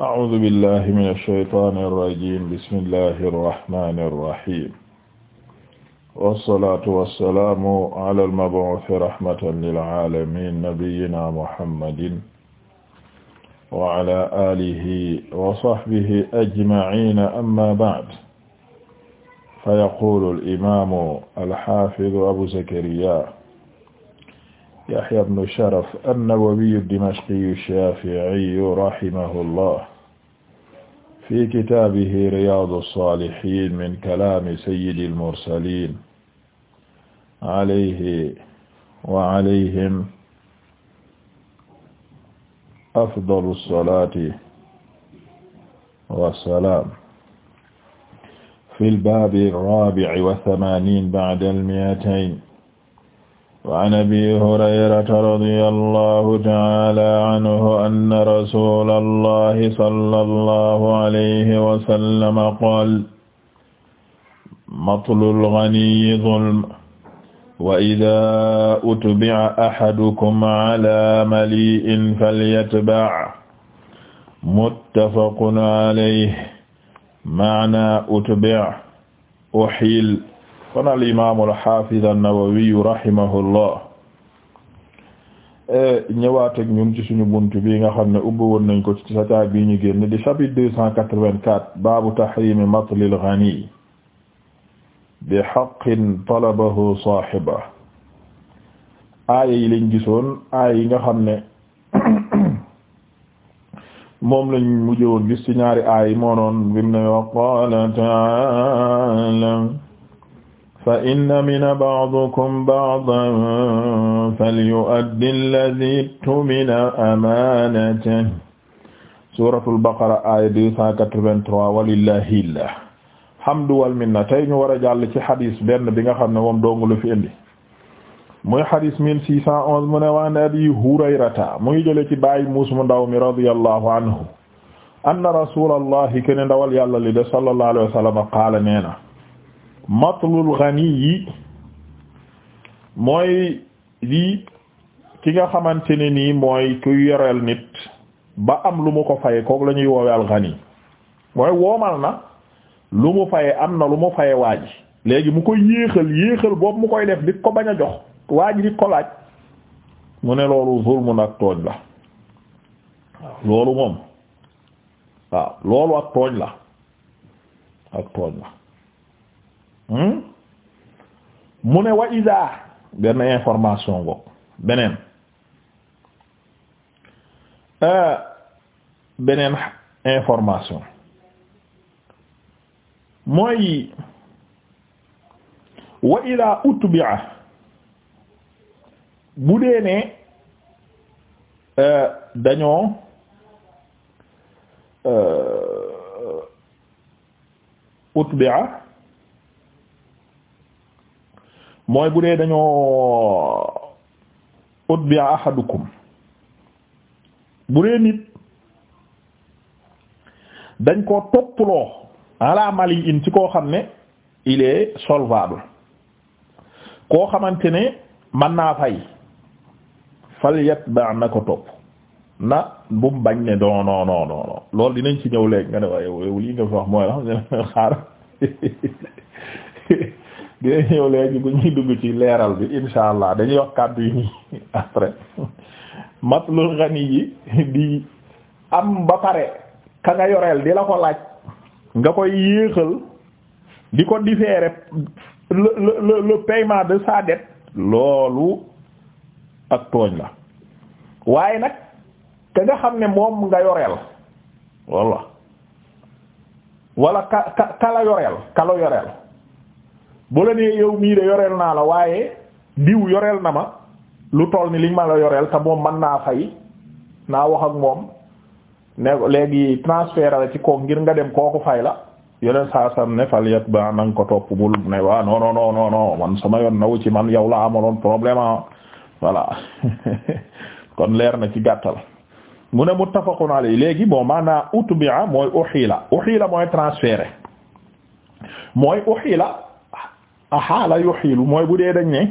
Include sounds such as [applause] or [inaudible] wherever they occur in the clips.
أعوذ بالله من الشيطان الرجيم بسم الله الرحمن الرحيم والصلاة والسلام على المبعوث رحمة للعالمين نبينا محمد وعلى آله وصحبه أجمعين أما بعد فيقول الإمام الحافظ أبو زكريا Yahya ibn Sharaf an-Nawawi ad-Dimashqi ash-Shafi'i rahimahullah fi kitaabihi Riyaadu as-Saalihiin min kalaami sayyidi al-mursaliin alayhi wa alayhim afdalu as-salaati wa salaam fi al-baabi ar-raabi'i wa thamaaniin ba'da al-mi'atayn وعن أبي هريرة رضي الله تعالى عنه أن رسول الله صلى الله عليه وسلم قال مطل الغني ظلم وإذا أتبع أحدكم على مليء فليتبع متفق عليه معنى أتبع أحيل kon al imaamu al xaafiz an-Nawawi rahimahullah ñëwaat ci suñu bunt bi nga xam ne ubbi woon nañ ko ci sataa bi ñu génn di chapitre deux cent quatre vingt baabu tahrimi matlil ghani bi haqqin talabahu saahibahu aaya yi lañ gisoon aaya yi nga xam ne [coughs] moom lañu mujjee woon gis ci ñaari aaya yi moo noon bi mu wa qaala ta'aala fa inna mina ba'dikum ba'dan falyu'addi alladhi tumina amaanatahu suuratul baqara aaya 283 walillahil hamdu wal minna tey ñu war a jàll ci xadis benn bi nga xam ne moom dong la fi indi muy xadis 1611 mu ne waan abi hurayrata muy jële ci baay muus mu ndaw mi radiyallahu anhu anna rasulallahi ken ndawal yàlla li de sallallahu alayhi wa sallam qaala nee na matlul ghani yi mooy lii ki nga xamante ne nii mooy kuy yoreel nit ba am lu mu ko faye kook la ñuy woowe al ghani mooy woomal na lu mu faye am na lu mu faye waa léegi mu koy yéexal yéexal boobu mu koy def di ko bañ a jox waa ji ko laaj mu ne loolu zulmun ak tooñ la waaw loolu moom waaw loolu ak tooñ la ak tooñ la Hmm? mu ne wa iza benn information boobu beneen euh, beneen information mooy wa iza utbi'a bu dee ne euh, dañoo euh, utbi'a mooy bu dee dañoo utbiya ahadukum bu dee nit dañ ko topploo ala yi in ci koo xam ne il est solvable koo xamante ne man naa fay fal yatba na ko topp na bu mu bañ ne non doo non non loolu dinañ ci ñëw léegi nga ne waaye lii nga fi wax mooy la xam ne xaar dina ñëw léegi bu ñuy dugg ci leeral bi insha allah dañuy wax kàddu yi [laughs] nii am ba pare ka nga yoreel di la ko laaj nga koy yéexal di ko différer le le le paiement de sa dette loolu ak tooñ la waaye nag ka nga xam ne moom nga yoreel walla walla ka ka ka yoreel ka yoreel bu la nee yow mii de yoreel naa la waaye diw yoreel na ma lu toll ni liñ ma la yoreel te moom man naa fay naa wax ak moom ne léegi transfert la ci kook ngir nga dem kooku fay la yeneen saa sam ne fal ba nanga ko topp bul ne waa non non non non man sama yoon nawu ci man yow la amaloon problème ah voilà [laughs] kon leer na ci gàttal mu ne muttafaqun alayhi léegi bon maanaa utbi'a mooy uxila uxila mooy transféré mooy uxila axaala yuxiilu mooy bu dee dañ ne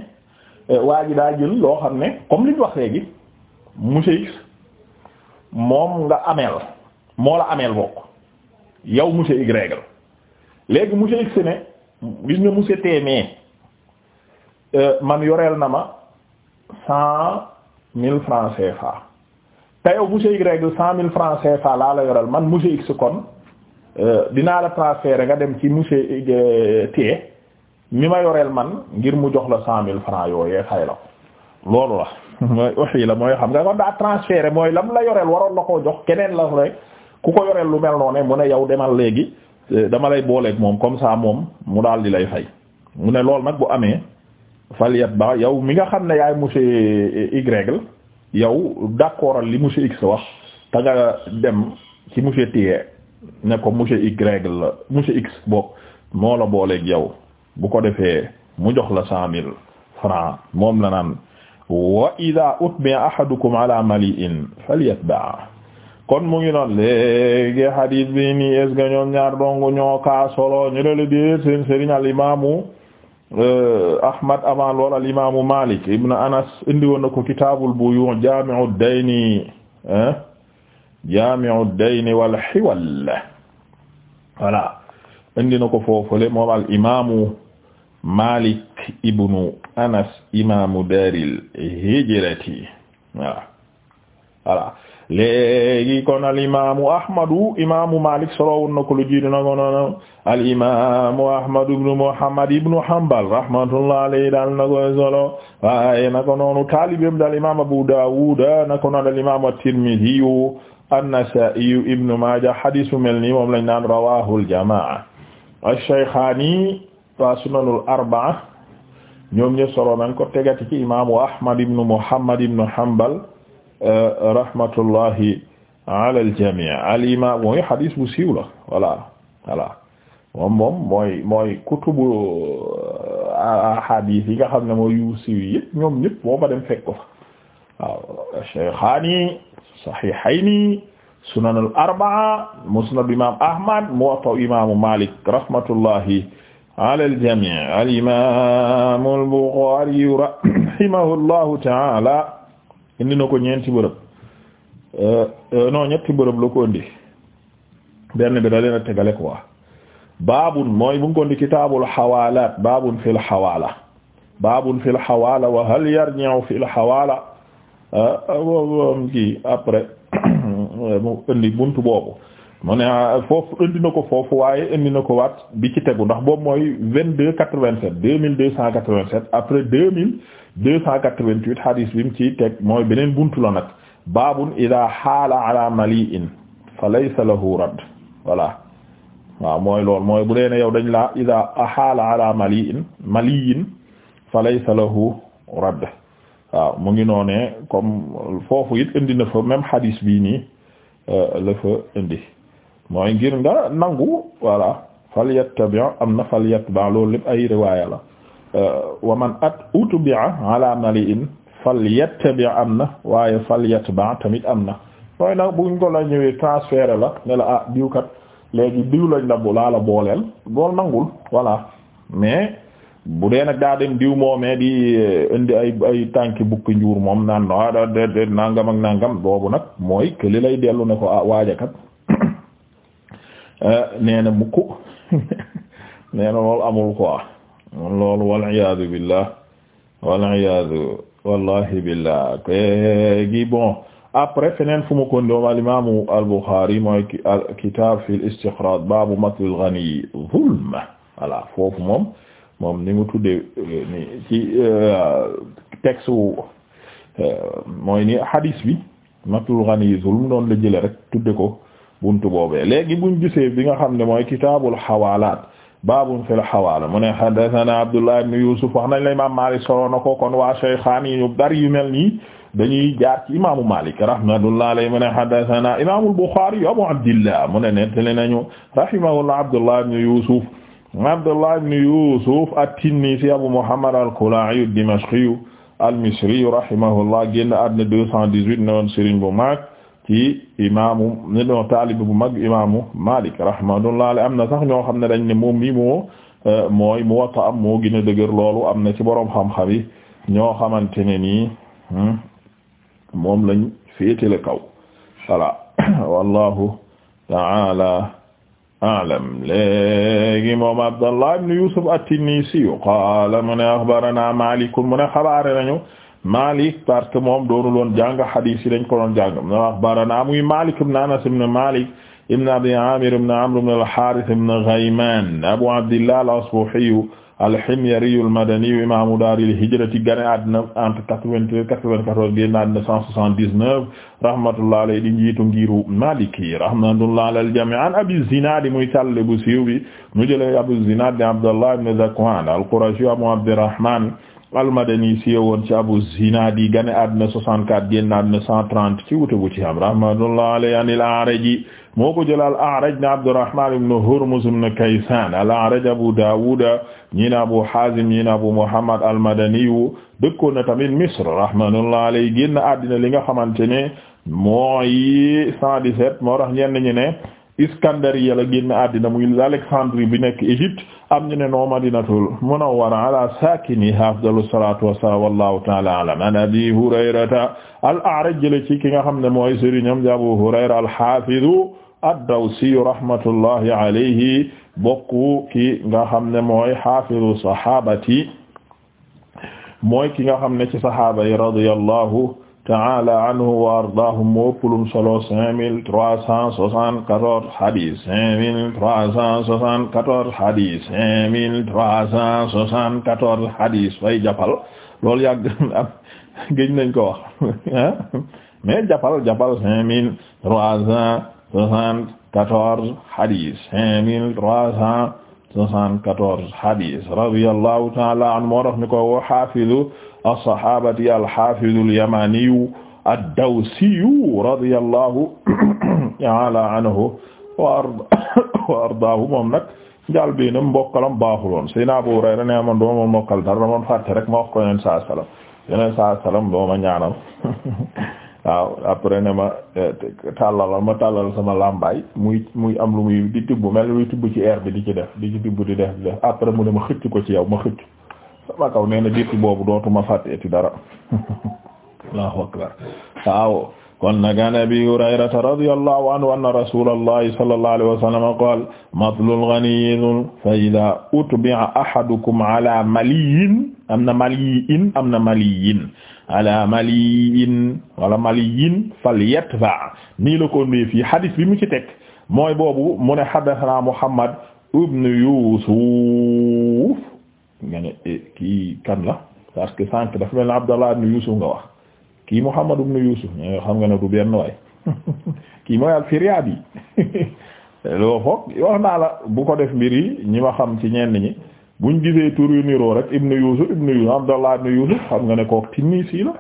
eh, waa ji daa jël loo xam ne comme li ñu wax léegi monsieur X moom nga ameel moo la ameel bokk yow monsieur Y léegi monsieur X ne gis nga monsieur T mais eh, man yoreel na ma cent mille francs CFA te yow monsieur Y cent mille francs CFA laa la yoreel man monsieur X kon eh, dinaa la transférer nga dem ci monsieur T mi ma yoreel man ngir mu jox la cent mille francs yooyee fay la ko loolu la [laughs] mooy uxi la mooy xam nga kon daa transféré mooy lam la yoreel waroon la koo jox keneen la rek ku ko yoreel lu mel noonu mu ne yow demal léegi eh, dama lay booleeg moom comme ça moom mu daal di lay fay mu ne loolu nag bu amee faliyat ba yow mi nga xam ne yaay monsieur Y yow d'accordal li monsieur X wax te nga dem ci monsieur T ne ko monsieur Y la monsieur X bokk moo la booleeg yow bu ko defee mu jox la cent mille francs moom la naan wa ida ala mali'in falyatba kon mu ngi noon léegi hadis bi nii ñoom ñaar dong ñoo kaa ñu ne la déet seen sëriñ al imaamu euh, Ahmad avant lool al Malik ibn Anas indi woon na ko kitaabul buyu' jaami'u dayni jaami'u wal hiwal voilà indi na ko foofule moom al imaamu Malik ibnu Anas imaamu daaril hijrati voilà voilà léegi kon al imaamu Ahmadu imaamu Malik sorowoon na ko lu jiitu na ko noonu al imaamu Ahmadu ibnu Muhammad ibnu Hanbal rahmatullahi alayhi daal na ko solo waaye na ko noonu taalibeem daal imaam Abu Dawud na ko noonu al imaamu at-Tirmidhi an-Nasa'i ibnu Maaja hadiisu mel nii moom lañ naan rawaahul jamaa ash-Shaykhaani wa sunanul arbaa ñoom ñëpp solo nañ ko tegati ci imaamu Ahmad ibn Muhammad ibn Hanbal euh, rahmatullahi ala al-jamii al-imaam mooy hadis bu siiw la voilà voilà moom moom mooy mooy kutubu euh, nga xam ne mooy yu siiw ñoom ñëpp boo fa dem fekk ko fa sunan al arbaa musnad imam ahmad muwatta imamu malik rahmatullahi ala al jami al imam al bukhari rahimahullahu taala indi na ko ñeenti bërëb euh, euh, non ñetti bërëb la ko indi benn bi da leen a tegale quoi baabun mooy bu ngi ko indi kitaabul xawaalaat baabun fil xawaala baabun fil xawaala wa hal yarji'u fil xawaala euh, kii après Euh, mu indi buntu boobu mu ne ah, foofu indi na ko foofu waaye indi na ko waat bi ci tegu ndax boobu mooy vingt deux quatre mille deux cent quatre vingt après deux mille deux cent hadis bi mu ci teg mooy beneen buntu la nag baabun ida xaala ala mali fa laysa lahu radd voilà waaw mooy lool mooy bu dee ne yow dañ laa ida xaala ala mali'in mali'in fa laysa lahu radd waaw mu ngi noonee comme foofu it indi na fa même hadis bi nii Euh, la indi mooy ngir nga nangu voilà fal yattabi' am na fal yattabi' loolu lépp ay riwaaya la euh, wa man at utbi'a ala mali'in fal yattabi' am na waaye fal yattabi' tamit am na mooy na buñ ko la ñëwee transféré la ne la ah diwkat léegi diw lañ la bu laa la booleel bool nangul voilà mais bu dee nag daa dem diw moomee di eh, indi ay ay tànki bukki njuur moom naan ah da da nangam nangam boobu nag mooy que li lay dellu ne ko a ah, waajakat [coughs] eh, nee na mukk [laughs] nee na loolu amul quoi wal wal wallahi billah gi bon après feneen fu ma ko ndoom al imaamu mooy kitaab fil istiqraad baabu matlil ghani zulma voilà foofu moom. moom ni mu tuddee eh, ni ci eh, texte wu eh, mooy ni hadis bi matul ghani zulm doon la jële rek tudde ko buntu boobee léegi buñ gisee bi nga xam ne mooy kitaabul xawaalaat baabun fil xawaala mu ne haddathana Abdullah ibn Yusuf wax nañ la imaam Maalik solo na ko kon waa shaykhaan yi ñu bari yu mel ni dañuy jaar ci imaamu Maalik rahmatullahi alayhi mu ne haddathana imaamul Buxaari Abu Abdillah mu ne nettali nañu rahimahullah Abdullah ibn Yusuf Abdullah ibn Yusuf at-Tinnisi Abu Muhammad al-Kala'i ad-Dimashqi al-Misri rahimahullah génn àddina deux cent dix-huit newoon sëriñ bu mag ci imaamu bu mag imaamu Malik rahimahullah am na sax ñoo xam ne dañ ne moom mi moo euh, mooy Muwatta am moo gën a dëgër am na ci boroom xam-xam yi ñoo xamante ne nii hmm, moom lañ féetale kaw voilà [coughs] ta'ala alam léegi moom Abdallah ibn Yusuf at-Tinnisi qaala mu ne axbarana Maalik mu ne xabaare nañu Maalik parce que moom doonul woon jàng hadiis yi dañ ko doon jàng mu ne axbarana muy Maalik ibn Anas ibn Maalik ibn Abi Aamir ibn Amr ibn al-Haaris ibn Ghaymaan Abu Abdillah al-Asbahi alhimyariyu almadaniyu imamu daaril hijrati gane àddina entre quatre-vingt-treize quatre-vingt-quatorze génn àddina cent soixante-dix-neuf rahmatullah alayhi di njiitu ngiru maliki rahmatullah ala aljami an abi zinadi muy càlle bu siiw bi mu jële abu zinad di abdallah ibn zakwan alqurashi abu abdirahman almadani siiwoon ci abu zinadi gane àddina soixante-quatre génn àddina cent trente ci wute bu ci am rahmatullah alayhi anil a'raji moo ko jël al-A'raj na Abdurrahman ibn Hurmuz ibn Kaysan al-A'raj Abu Dawud ñi na Abu Hazim ñi na Abu Muhammad al-Madani dëkkoon na tamit Misr rahmanullah alayhi génn àddina li nga xamante ne mooy 117 moo tax ñenn ñi ne Iskandariya la génn àddina muy Alexandrie bi nekk Égypte am ñu ne noo Madinatul Munawwara ala saakinihaa afdalu salaatu wassalaam wallahu ta'ala a'lam an Abi Hurayrata al-A'raj jële ci ki nga xam ne mooy sëriñam di Abu Hurayra al-Haafiz ad-Dawsi rahmatullahi alayhi bokku ki nga xam ne mooy haafizu sahaabati mooy ki taala anhu wa ardaahu moo pulum solo cinq mille trois cent soixante-quatorze hadis cinq mille trois cent soixante-quatorze hadis cinq mille trois cent soixante-quatorze hadis way jàppal loolu yàgg am gëj nañ ko wax mais jàppal jàppal cinq mille trois cent soixante-quatorze hadis cinq mille trois cent 74 hadis radiyallahu ta'ala anhu moo tax ni ko wa hafizu as-sahabati al-hafizu al-yamaniyu ad-dawsiyu radiyallahu ta'ala anhu wa ardaahu moom nag njàl biinam mbokkalam baaxuloon Seydina Abu Hurayra ne man doo ma mokkal dara ma fàtte rek ma wax ko Yonent sallallahu alayhi wasallam Yonent sallallahu alayhi wasallam doo ma ñaanal [laughs] waaw après ne ma eh, tàllalal ma tàllal sama làmbaay muy muy am lu muy di tibb mel luy tibb ci air bi di ci def di ci tibb di def di def après mu ne ma xëcc ko ci yow ma xëcc sama kaw nee na dirti boobu dootuma fàtteeti dara [laughs] allahu akbar waaw kon nag an abi hurayrata radiyallahu anhu anna rasulallahi sallallahu alayhi wa sallam qaala matlul ghaniyi dhul fa idha utbi'a ahadukum ala maliyin am na maliyin am na maliyin ala maliin wala maliin falyatba nii la ko ndee fii hadis bi mu ci teg mooy boobu mu ne hadathana Muhammad ibn Yusuf nga ne eh, kii kan la parce que sànq dafa mel ne Abdallah ibn Yusuf nga wax kii Muhammad ibn Yusuf eh, xam nga ne du benn waay [laughs] kii mooy al-Firyaabi [laughs] loo foog wax naa la bu ko def mbir yi ñi ma xam ci ñenn ñi buñ gisee tur yu niroo rek ibnu yusuf ibnu yusuf abdallah ibnu yusuf xam nga ne kook tinnisi la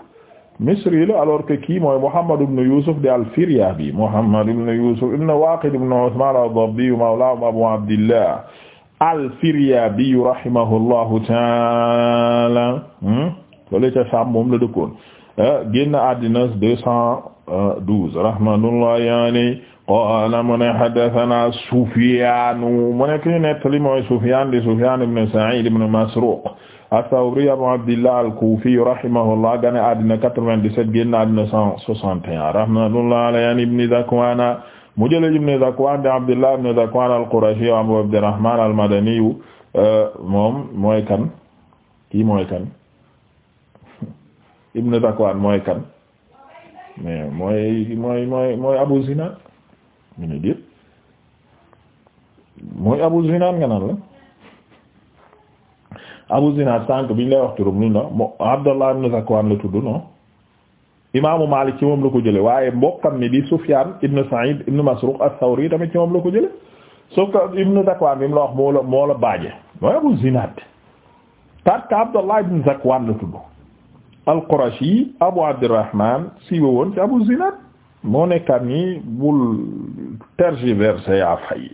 misri la alors que kii mooy muhammad ibnu yusuf di al-firyabi muhammad ibnu yusuf ibnu waqid ibnu usman ad-dabbi mawlahum abu abdillah al-firyabi rahimahullahu taala fële hmm? ca Saam moom la dëkkoon eh, génn àddina qaala mu ne haddasanaa Sufyaan mu ne kii nettali mooy Sufyaan di Sufyaan ibn Sa'iid ibn Masruuq as-Sawri Abu Abdillah al-Kuufi rahimahullah gane àddina 97 génn àddina 161 rahmatullahi alayhi an ibn Zakwaan mu jële ibn Zakwaan di Abdillah ibn Zakwaan al-Qurashi Abu Abdirrahmaan al-Madani euh, moom mooy kan kii mooy kan ibn Zakwaan mooy kan mais mooy mooy mooy mooy Abu Zinaad ñu ne déet mooy Abu Zinaan nga naan la Abu Zinaan sànq biñ lay wax turam luñ la mo Abdallah ibn Zakwan la tudd non imaamu Maalik ci moom la ko jële waaye mbokkam mi di Sufyaan ibn Sa'id ibn Masruq as-Sawri tamit ci moom la ko jële sauf que ibn Zakwan bi mu la wax Abu Zinaan parce que Abdallah ibn Zakwan la tudd al-Qurashi Abu Abdurrahman siiwe woon Abu Zinaan moo nekkaat nii bul tergiverser yaa fay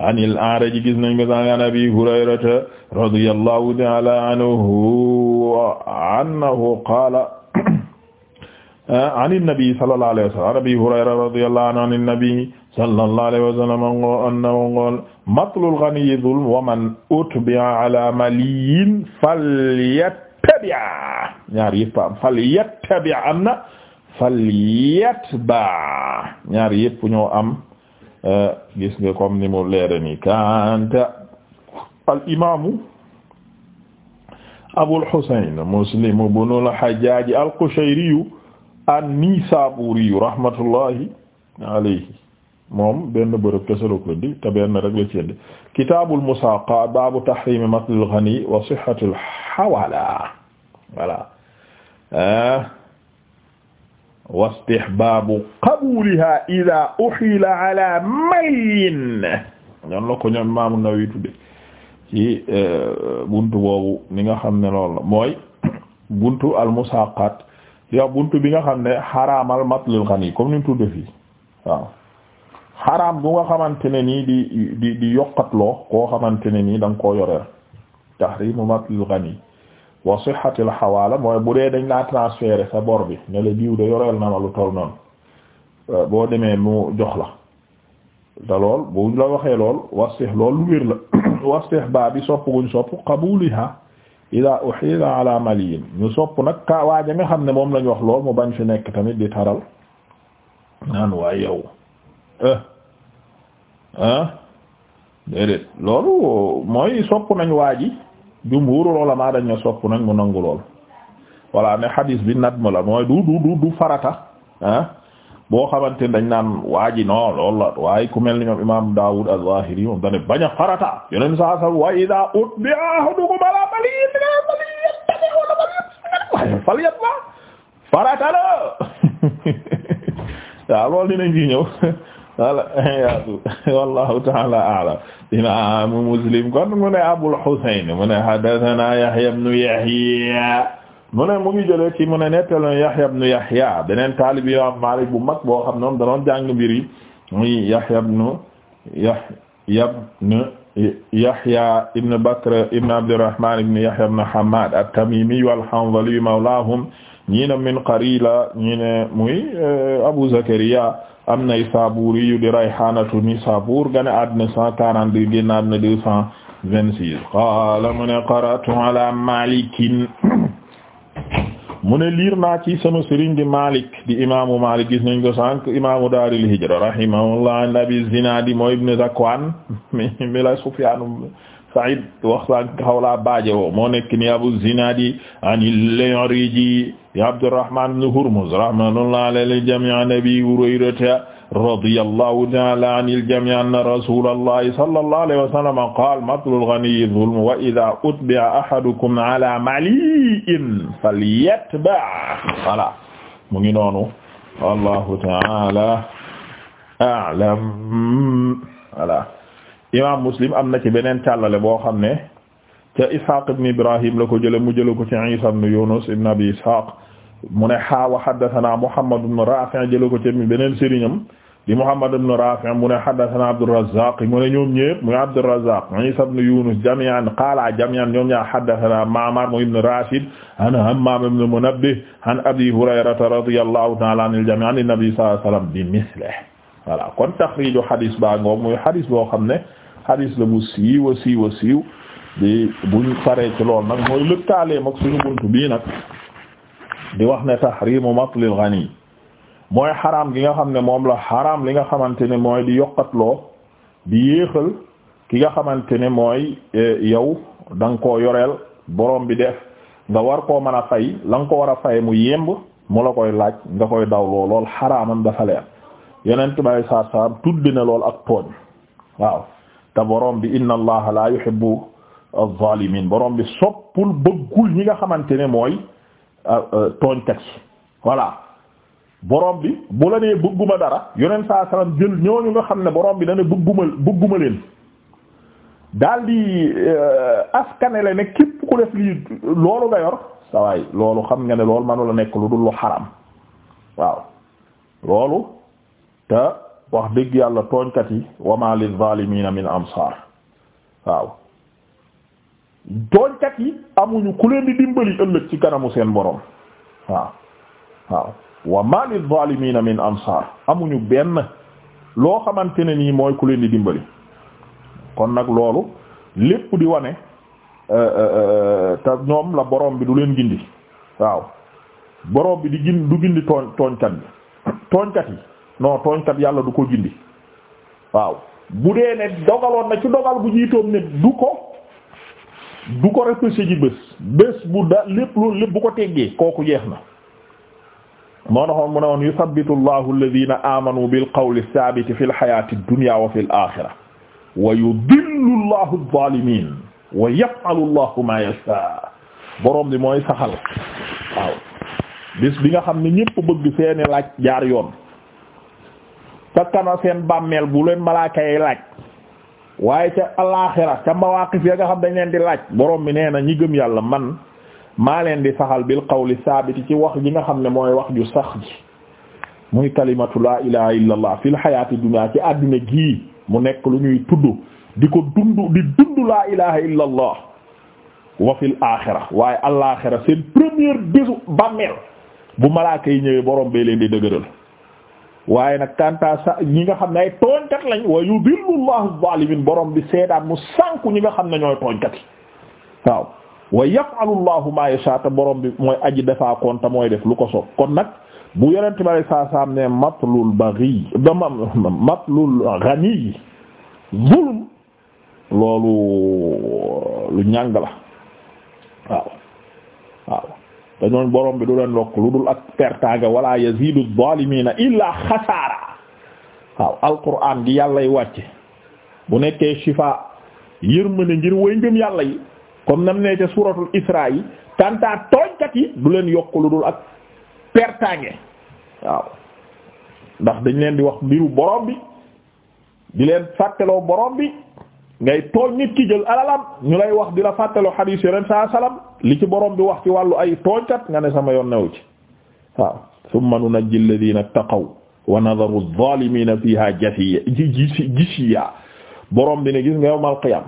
anil A'raj gis nañ ko sànq an Abi Hurayrata radiyallahu ta'ala anhu annahu qaala anin nabi sallallahu alayhi wa sallam an Abi Hurayra radiyallahu anhu anin nabi sallallahu alayhi wa sallam annahu qaala matlul ghaniyyi zulm wa man utbi'a ala maliyyin falyattabi' ñaar yëpp am falyattabi' am na falyatba ñaar yépp ñoo am euh, gis nga comme ni mu leere ni kanta al imamu Abul Husayn Muslim ibnul Hajjaj al-Qushayri an-Nisaburi rahmatullahi alayhi moom benn bërëb keselo ko di te benn rek la ci indi kitabul musaqa babu tahrimi matlil ghani wa sihhatil hawala voilà euh, wastihbaabu qabuliha ida uhila ala mayin ñoon la ko ñoom imaamu Nawawi tudde ci eh, buntu boobu ni nga xam ne loolu la mooy [clears throat] buntu al musaaqat yow buntu bi nga xam ne xaraamal matlil xani comme ni mu tudde fii waaw xaraam bu nga xamante ne nii di di di yokkatloo koo xamante ne nii da nga koo yoreel tahrimu matlil xani wa la xawaala mooy bu dee dañ laa transféré sa bor bi ne la diw de yoreel na ma lu toll euh, boo demee mu jox la te lool bu la waxee lool wastih lool lu wér la [coughs] wastih baa bi sopp guñ sopp qabuliha ida uhila ala maliyin ñu sopp nag ka waaja nga xam ne moom lañ wax lool mu bañ fi nekk tamit di taral naan waay yow ah déedéet loolu mooy sopp nañ waaji jumhuurul ulamaa dañ ne sopp nañ mu nangu lool voilà ne xadiis bi nadm la mooy du du farata ah, boo xamante dañ naan waa ji non loolu la waaye ku mel ni ñoom imaam Daawud az-Zaahiri moom dañ bañ a farata yeneen saa sa wa idaa utbi'a ahadukum alaa balighin min al-balighi yattabi'hu wala falyatba farata la [laughs] waaw loolu dinañ ci ñëw wala [laughs] wallahu ta'ala a'lam imaamu Muslim kon mu ne Abul Husayn mu ne haddathana Yahya ibn Yahya mu ne mu ngi jëlee ci mu ne nettali Yahya ibn Yahya beneen taalibi Imaam Maalik bu mag boo xam noonu da doon jàng mbir yi muy Yahya ibn Yahya ibn Yahya ibn Bakr ibn Abdurrahman ibn Yahya ibn Hammad at-Tamimi wal-Hanzali mawlaahum ñii ne min Qarila ñii ne muy eh, Abu Zakariya am na Naysaabuuri yu di Rayhaanatu Naysaabuur gane àddina 142 génn àddina 226 qaala mu ne qara'tu ala Maalikin mu ne liir naa ci sama sëriñ di Maalik di imaamu Maalik gis nañ ko sànq imaamu daaril hijra rahimahullah Zinaadi mooy ibn Zakwaan mi mi la Sufyaanu wax sànq xawla baaje moo nekk ni Abu Zinaadi anil Li'riji ya Abdurrahman ibn Hurmuz rahmatullahi alayhi jami' an Abi Hurayrata radiyallahu ta'ala anil jami' anna rasulallahi sallallahu alayhi wa sallam qala matlul ghaniyyi zulm wa idha utbi'a ahadukum ala mali'in falyatba' voilà mu ngi noonu wallahu ta'ala a'lam voilà imam Muslim am na ci beneen tàllale boo xam ne ca Ishaq ibn Ibrahim la ko jële mu jële ko ci Isa ibn Yunus ibn Abi Ishaq mu ne xaawa haddathana Muhammad ibn Rafi' jëla ko ci beneen sëriñam di Muhammad ibn Rafi' mu ne haddathana Abdurrazzaq mu ne ñoom ñépp muy Abdurrazzaq Isa ibn Yunus jami'an qaala jami'an ñoom ñaa haddathana Ma'mar mu ibn Rashid an Hammam ibn Munabbih an Abi Hurayrata radiyallahu ta'ala anil jami' an nabi sallallahu alayhi wa sallam bi mislihi voilà kon taxriiju xadis baa ngoom muy xadis boo xam ne xadis la bu siiw a siiw a siiw di buñ paree ci lool nag mooy lëkkaaleem ak suñu buntu bii nag di wax ne tahrimu matlil ghani mooy xaraam gi nga xam ne moom la xaraam li nga xamante ne mooy di yokkatloo di yéexal ki nga xamante ne mooy e, yow da ko koo yoreel borom bi def nga war koo mën a fay la nga ko war a fay mu yemb mu la koy laaj nga koy dawloo lool xaraamam dafa leer yeneen may saar saam tuddi na lool ak tooñ waaw te borom bi inna allaha la yuhibbu az-zalimin borom bi soppul bëggul ñi nga xamante ne mooy Ah, euh, tooñkat yi voilà borom bi bu la nee bëgguma dara yonent saa salaam jël ñooñu nga xam ne boroom bi dana bëgguma bëgguma leen daal di euh, askanele ne képp ku lii loolu nga yor sa waay loolu xam nga ne loolu manu la nekk lu dul lu xaram waaw loolu te wax dëgg yàlla tooñkat yi wa ma lil zaalimiina min ansaar waaw tooñkat yi amuñu ku leen di dimbali ëllëg ci kanamu seen borom waaw waaw wa ma lil zalimina min amuñu benn loo xamante ne nii mooy ku leen di dimbali kon nag loolu lépp di wane euh, euh, euh, te ñoom la borom bi du leen gindi waaw borom bi di gindi du gindi tooñ tooñkat bi tooñkat yi non tooñkat yàlla du ko gindi waaw bu dee ne dogaloon na ci dogal bu jiitoom ne du ko du ko repêché ji bés bu da lépp loolu bu ko teggee kooku jeex na moo taxoon mu ne woon yuthabbitu allahu alladhina amanu bil qawli thabiti fi fi l axira wa yudillu allahu adh ma yasha borom bi mooy saxal waaw bis bi nga xam ne ñépp bëgg seeni laaj jaar yoon ca kana seen bàmmeel bu leen malaaka yi laaj waaye ca alaaxira ca mawaaqif ya nga xam dañ leen di laaj borom bi nee na ñi gëm yàlla man maa leen di saxal bil qawli saabiti ci wax ji nga xam ne mooy wax ju sax ji muy kalimatu laa ilaha illa allah fil xayaati dunya ci àddina gii mu nekk lu ñuy tudd di ko dund di dund laa ilaha illa wa fil aaxira waaye alaaxira seen première bésu bàmmeel bu malaaka yi ñëwee borom bee leen di dëgëral waaye nag kanta sa ñi nga xam ne ay tooñkat lañ wa yudillu llahu zalimin borom bi seedaan mu sànku ñi nga xam ne ñooy tooñkat yi waaw wa yaf'alu llahu ma yasha borom bi mooy aji defaa koon te mooy def lu ko soob kon nag bu yonente bi alay saa salaam ne matlul baghi dama matlul ghani zulm loolu lu ñàng la waaw te ñooñ bi du leen lokk lu dul ak pertaaga wala yazidu zalimina illa xasaara waaw alquran gi yàllay wàcce bu nekkee shifa yërmande ngir way ngëm yàlla yi comme nam ne suuratul isra yi tanta tooñkat yi du leen yokk lu dul ak pertaange waaw ndax dañ leen di wax mbiru borom bi di leen fàtteloo borom bi ngay tooñ nit ki jël alalam ñu lay wax di la fàttaloo xadiis yonent saa salaam li ci boroom bi wax ci wàllu ay tooñkat nga ne sama yoon new ci waaw nag summa nunajji alladhina taqaw wa nadaru adh-dhalimina fiha jasiya jisiya borom bi ne gis nga yawmal qiyaam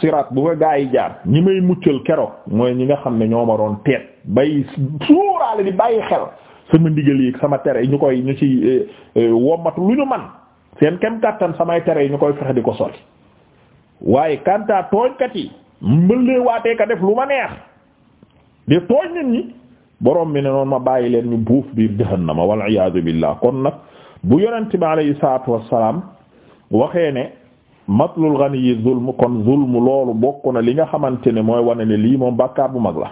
siraat bu fa gaa yi jaar ñi may muccal keroog mooy ñi nga xam ne ñoo ma doon teet bay suuraale di bàyyi xel sama ndigal yi sama tere yi ñu koy ñu ci eh, eh, wommatu lu ñu man seen kem kàttan samay tere yi ñu koy fexe di ko sori waaye kanta tooñkat yi mbëllee waatee ka def lu ma neex di tooñ nit borom bi ne noonu ma bàyyi leen ñu buuf biir jahannama wal iyaadu billah kon nag bu yonent bi alayhi salaatu wassalaam waxee ne matlul ghaniyi zulm kon zulm na li nga xamante ne mooy wane ne lii moom bàkkaar bu mag la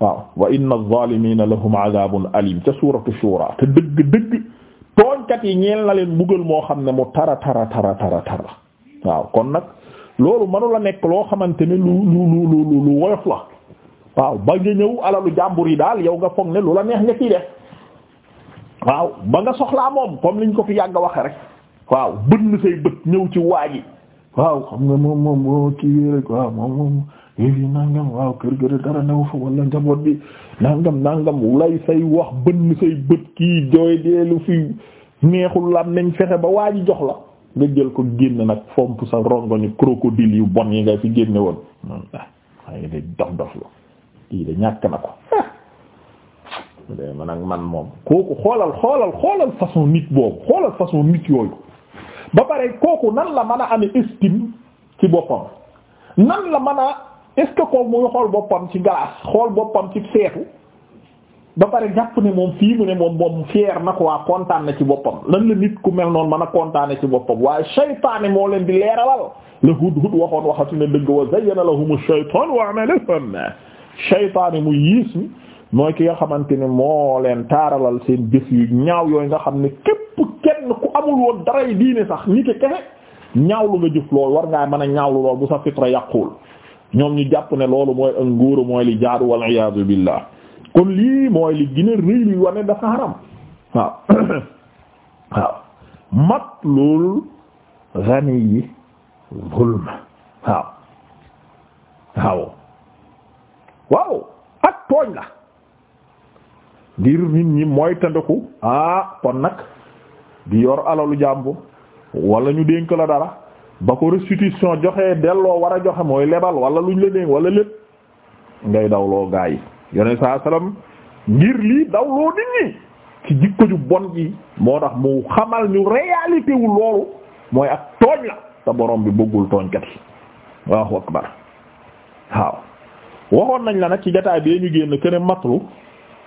waaw wa inna adh-dhalimina lahum adhabun alim ca suratu shura te dëgg dëgg tooñkat yi ñeel na leen mbugal moo xam ne mu tara tara tara tara tara kon nag loolu mënu nekk loo xamante ne lu lu lu lu lu woyof la waaw ba nga ñëw alalu jàmbur yi daal yow nga foog ne lu la neex nga ciy def waaw ba nga soxlaa moom comme liñ ko fi yàgg a waxe rek waaw bënn say bët ñëw ci waa yi waaw xam nga moom moom moo kii rek waaw moom moom yéegi nangam waaw kër gërë dara new fa wala njaboot bi nangam nangam lay say wax bënn say bët kii jooy deelu fi neexul lam nañ fexe ba waa ji jox la nga jël ko génn nag fomp sa rongoñu crocodile yu bon yi ngay fi génne woon waaye ah, de dof dof lu kii de ñàkk na ko de man ak man moom kooku xoolal xoolal xoolal façon nit boobu xoolal façon nit yooyu ba pare kooku nan la mën a amee estime ci boppam nan la mën a est-ce que xool boppam ci glace xool boppam ci seetu ba pare jàpp ne moom fii ne moom moom fier na ko waa kontaan na ci boppam lan la nit ku mel noonu mën a kontaane ci boppam waaye shaytaane moo leen di leeralal la Hudhud waxoon waxati ne dëgg wa zayyana lahumu shaytaanu a'maalahum shaytaane mu yiis mi mooy ki nga xamante ne moo leen taaralal seen jëf yu ñaaw yooyu nga xam ne képp kenn ku amul woon daray diine sax nit kese ñaawlu nga jëf lool war ngaa mën a ñaawlu lool bu sa fitra yàquwul ñoom ñu jàpp ne loolu mooy ak nguuru mooy li jaaru wal iyaadu billah kon lii mooy li gën a rëy li wane dafa haram waaw [coughs] waaw matlul gani yi zulma waaw waaw waaw ak tooñ la ngir nit ñi mooy tandaku ah kon nag di yor alalu jàmbu wala ñu dénk la dara ba ko restitution joxee delloo war a joxe mooy lebal wala luñ la dénk wala lépp ngay dawloo gaa yi yonent saa salaam ngir lii dawloo nit ñi ci jikko ju bon ji moo tax mu xamal ñu réalité loolu mooy ak tooñ la te borom bi bëggul tooñkat yi waaw waxoon nañ la nag ci jotaay bi ñu génn kene matlu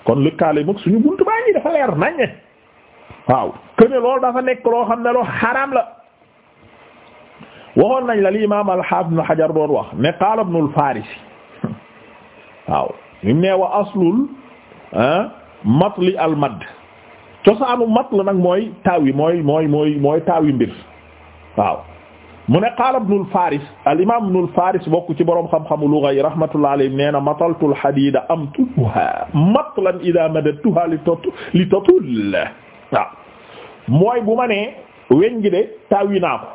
kon lëkkaale mag suñu buntu baa ngi dafa leer naññe waaw kene loolu dafa nekk loo xam ne loo xaraam la waxoon nañ la li imaam al-Hafiz Ibn Hajar doon wax ne qaala Ibn al [laughs] waaw ñu nee wa aslul ah, matli al madd cosaanu matl nag mooy taaw yi mooy mooy mooy mooy taaw yi mbir waaw mu ne qaala ibnul faris al imam ibnul faris bokk ci boroom xam-xamu lugha yi rahmatullah alayhi nee na mataltul hadida am tuha matlan ida madadtuha li tot li totul waaw mooy bu ma nee weñ gi de taaw yi naa ko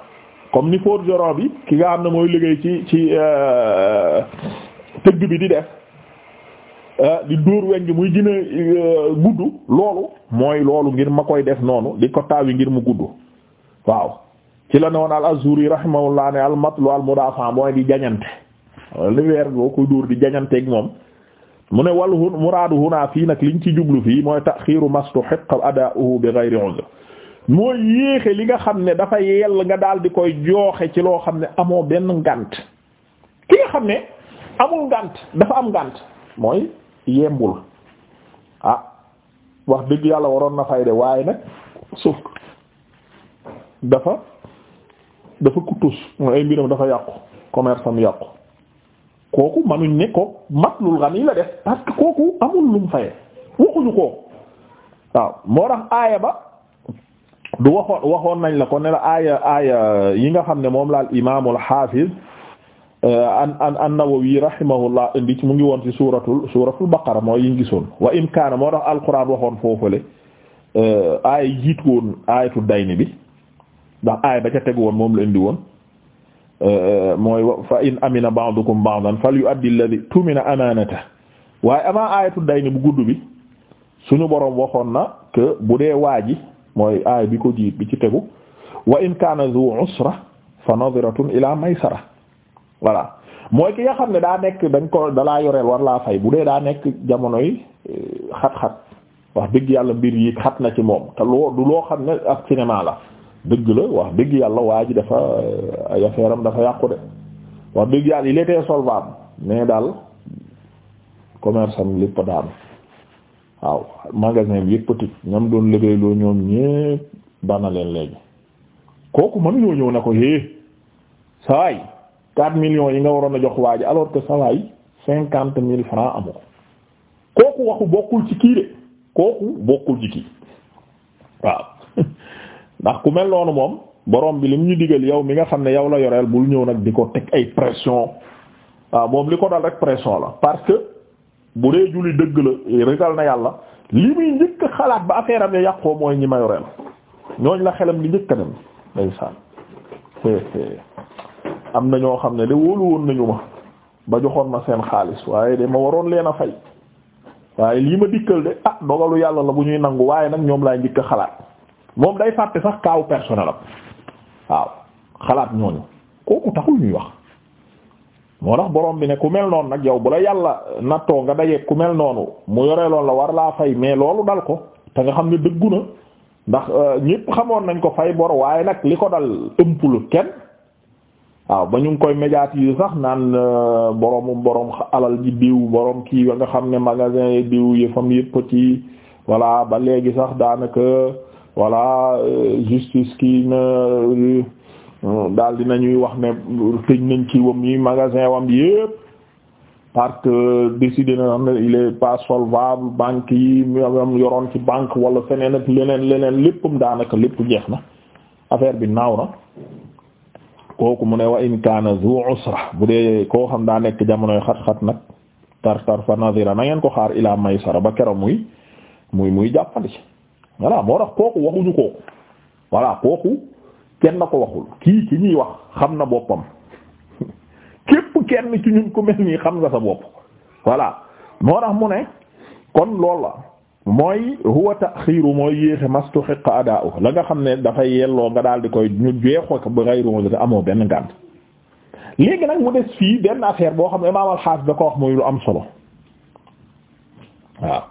comme ni forgeron bi ki nga xam ne mooy liggéey ci ci euh, tëgg bi di def Eh, di dóor weñ gi muy gën a eh, loolu mooy loolu ngir ma koy def noonu di ko taawi ngir mu gudd waaw ci la ne woon al azuri rahimahullah ne al matlu al mudafa mooy di jañante li di jañanteeg moom mu ne wal hun muraadu nag liñ ci jublu fii mooy taxiiru mastuhiq ada'uhu bi ghayri uzr li nga xam ne dafa yell nga daal di koy jooxe ci loo xam ne amoo benn ngànt ki nga xam ne amul ngànt dafa am ngànt mooy yembul ah wax dëgg yàlla waroon na fay waaye nag suuf dafa dafa kuttus ay mbiram dafa yàqu commerce am yàqu kooku manuñ ne ko matlul gani la def parce kooku amul lum faye waxuñu ko waaw moo tax aaya ba du waxoon waxoon nañ la ko ne la aaya aaya yi nga xam ne moom laal imaamul xaafiz Euh, an an an-Nawawi rahimahullah ci mu ngi woon ci suuratul suuratul baqara mooy yi gisoon wa in kaana moo tax alquran waxoon foofule euh, aay jiit woon aayatu dayni bi ndax aay ba ca teg woon moom la indi woon euh, mooy fa in amina ba'dukum ba'dan falyu'addi alladhi tumina amaanatahu waaye amaa aayatu dayni bu gudd bi suñu boroom waxoon na que bu dee waaji mooy aay bi ko jiit bi ci tegu wa in kaana dhu fa nadiratun ila maysara voilà mooy ki nga xam ne daa nekk dañ ko dalaa yoreel war laa fay bu dee daa nekk jamonoy euh, xat-xat wax dëgg yàlla mbir yi xat na ci moom te loo du loo xam ne ak cinéma la dëgg la wax dëgg yàlla waa ji dafa euh, ay affaire am dafa yàqu de wax dëgg yàlla il était solvable mais daal commerce am lépp daanu waaw magasin bi yëpp ñam doon liggéey loo ñoom ñépp dana leen léegi kooku mënuñoo ñëw ne ko é quatre millions yi nga waroon a jox waa ji que sa cinquante mille francs amu kooku waxu bokkul ci kii de kooku bokkul ci kii waaw [laughs] ndax ku mel noonu moom borom bi lim ñu digal yow mi nga xam ne yow la yoreel bul ñëw nag di ko teg ay pression waaw moom li ko dal rek pression la parce que bu dee julli dëgg la régal na yàlla li muy njëkk xalaat ba affaire ya yàqoo mooy ñi ma yoreel ñooñ la xelam li njëkk a dem day saan [laughs] am na ñoo xam ne de wóolu woon nañu ma ba joxoon ma seen xaalis waaye de ma waroon leen a fay waaye lii ma dikkal de ah dogalu yàlla la bu ñuy nangu waaye nag ñoom laay njëkk a xalaat moom day fàtte sax kaaw personnel am waaw xalaat ñooñu kooku taxul ñuy wax moo tax boroom bi ne ku mel noonu nag yow bu la yàlla nattoo nga dajee ku mel noonu mu yoree la war laa fay mais loolu dal ko te nga xam ne dëggu na ndax euh, ñépp xamoon nañ ko fay bor waaye nag waaw ba ñu ngi koy médiatiser sax naan euh, boroomu borom alal ji diw borom kii nga xam ne magasin yi diw yi fam yëpp ci ba léegi sax daanaka voilà euh, justice kii na euh, daal dinañuy wax ne tëj nañ ci wam yi magasin wam yëpp parce que décidé na xam ne il est pas solvable banque yi am yoroon ci banque wala feneen ak leneen leneen léppam daanaka lépp jeex na affaire bi naaw na kooku mu ne wa in kaana zu usra bu dee koo xam daa nekk jamonoy xat-xat nag tar tar fa nadira na ngeen ko xaar ilaa maysara ba kero muy muy muy jàppandi voilà moo tax kooku waxuñu kooku voilà kooku kenn na ko waxul kii ci ñuy wax xam na boppam [laughs] képp kenn ci ñun ku mel nii xam nga sa bopp voilà moo tax mu ne kon loolu la mooy huwa taxiiru mooy yéexe mastuxiqa adaa'u la nga xam ne dafay yelloo nga daal di koy ñu jeexoo ko ba ghayru amoo benn ngànt léegi nag mu des fii benn affaire boo xam ne imaam al-Hafiz da ko wax muy lu am solo waaw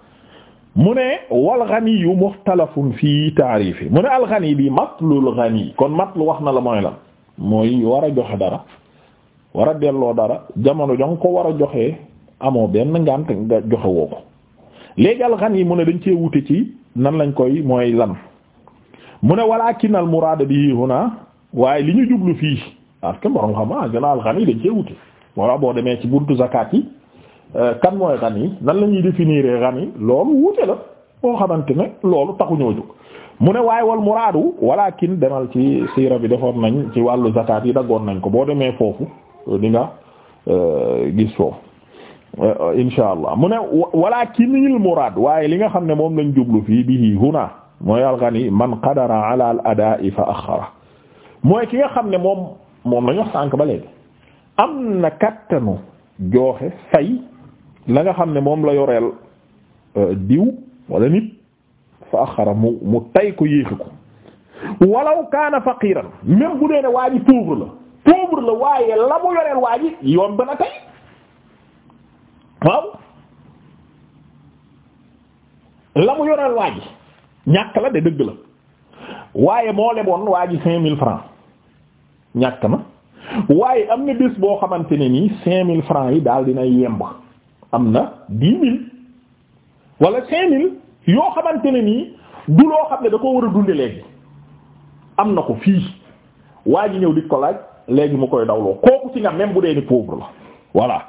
mu ne wal ghani yu mukhtalafun fii taarifi mu ne al ghani bi matlul ghani kon matlu wax na la mooy lan mooy war a joxe dara war a delloo dara jamono jang ko war a joxe amoo benn ngànt nga joxe woo ko léegi alxan yi mu ne dañ cee wuti ci nan lañ koy mooy lan mu ne walaakin al muraad bi huna waaye li ñu jublu fii parce que borom xam ah gannaaw alxan yi dañ cee wute walla boo demee ci buntu zakat yi euh, kan mooy xan yi nan la ñuy définir xan yi loolu wute la boo xamante ne loolu taxuñoo jóg mu ne waaye wal muraadu walaakin demal ci siira bi defoon nañ ci wàllu zakat yi daggoon nañ ko boo demee foofu euh, di nga euh, gis foofu. Euh, insha allah mu ne walaakinil muraad waaye li nga xam ne moom lañ jublu fii bi huna mooy alxani man qadara ala al fa axara mooy ki nga xam ne moom moom la ñu wax sànq ba léegi am na kattanu jooxe fay la nga xam ne moom la yoreel euh, diw wala nit fa axara mu mu tay ko yéexi ko walaw kaana faqiran même bu ne waa ji la pauvre la waaye la mu yoreel waa yoon ba na tay waaw la mu yoreel waa ñàkk la de dëgg la waaye moo leboon waa ji cinq mille francs ñàkk na waaye am na bés boo xamante ne nii cinq mille francs yi daal dina yemb am na dix mille wala cinq mille yoo xamante ne nii du loo xam ne da ko war a dunde léegi am na ko fii waa ji ñëw di ko laaj léegi mu koy dawloo kooku ci nga même bu dee ni pauvre la voilà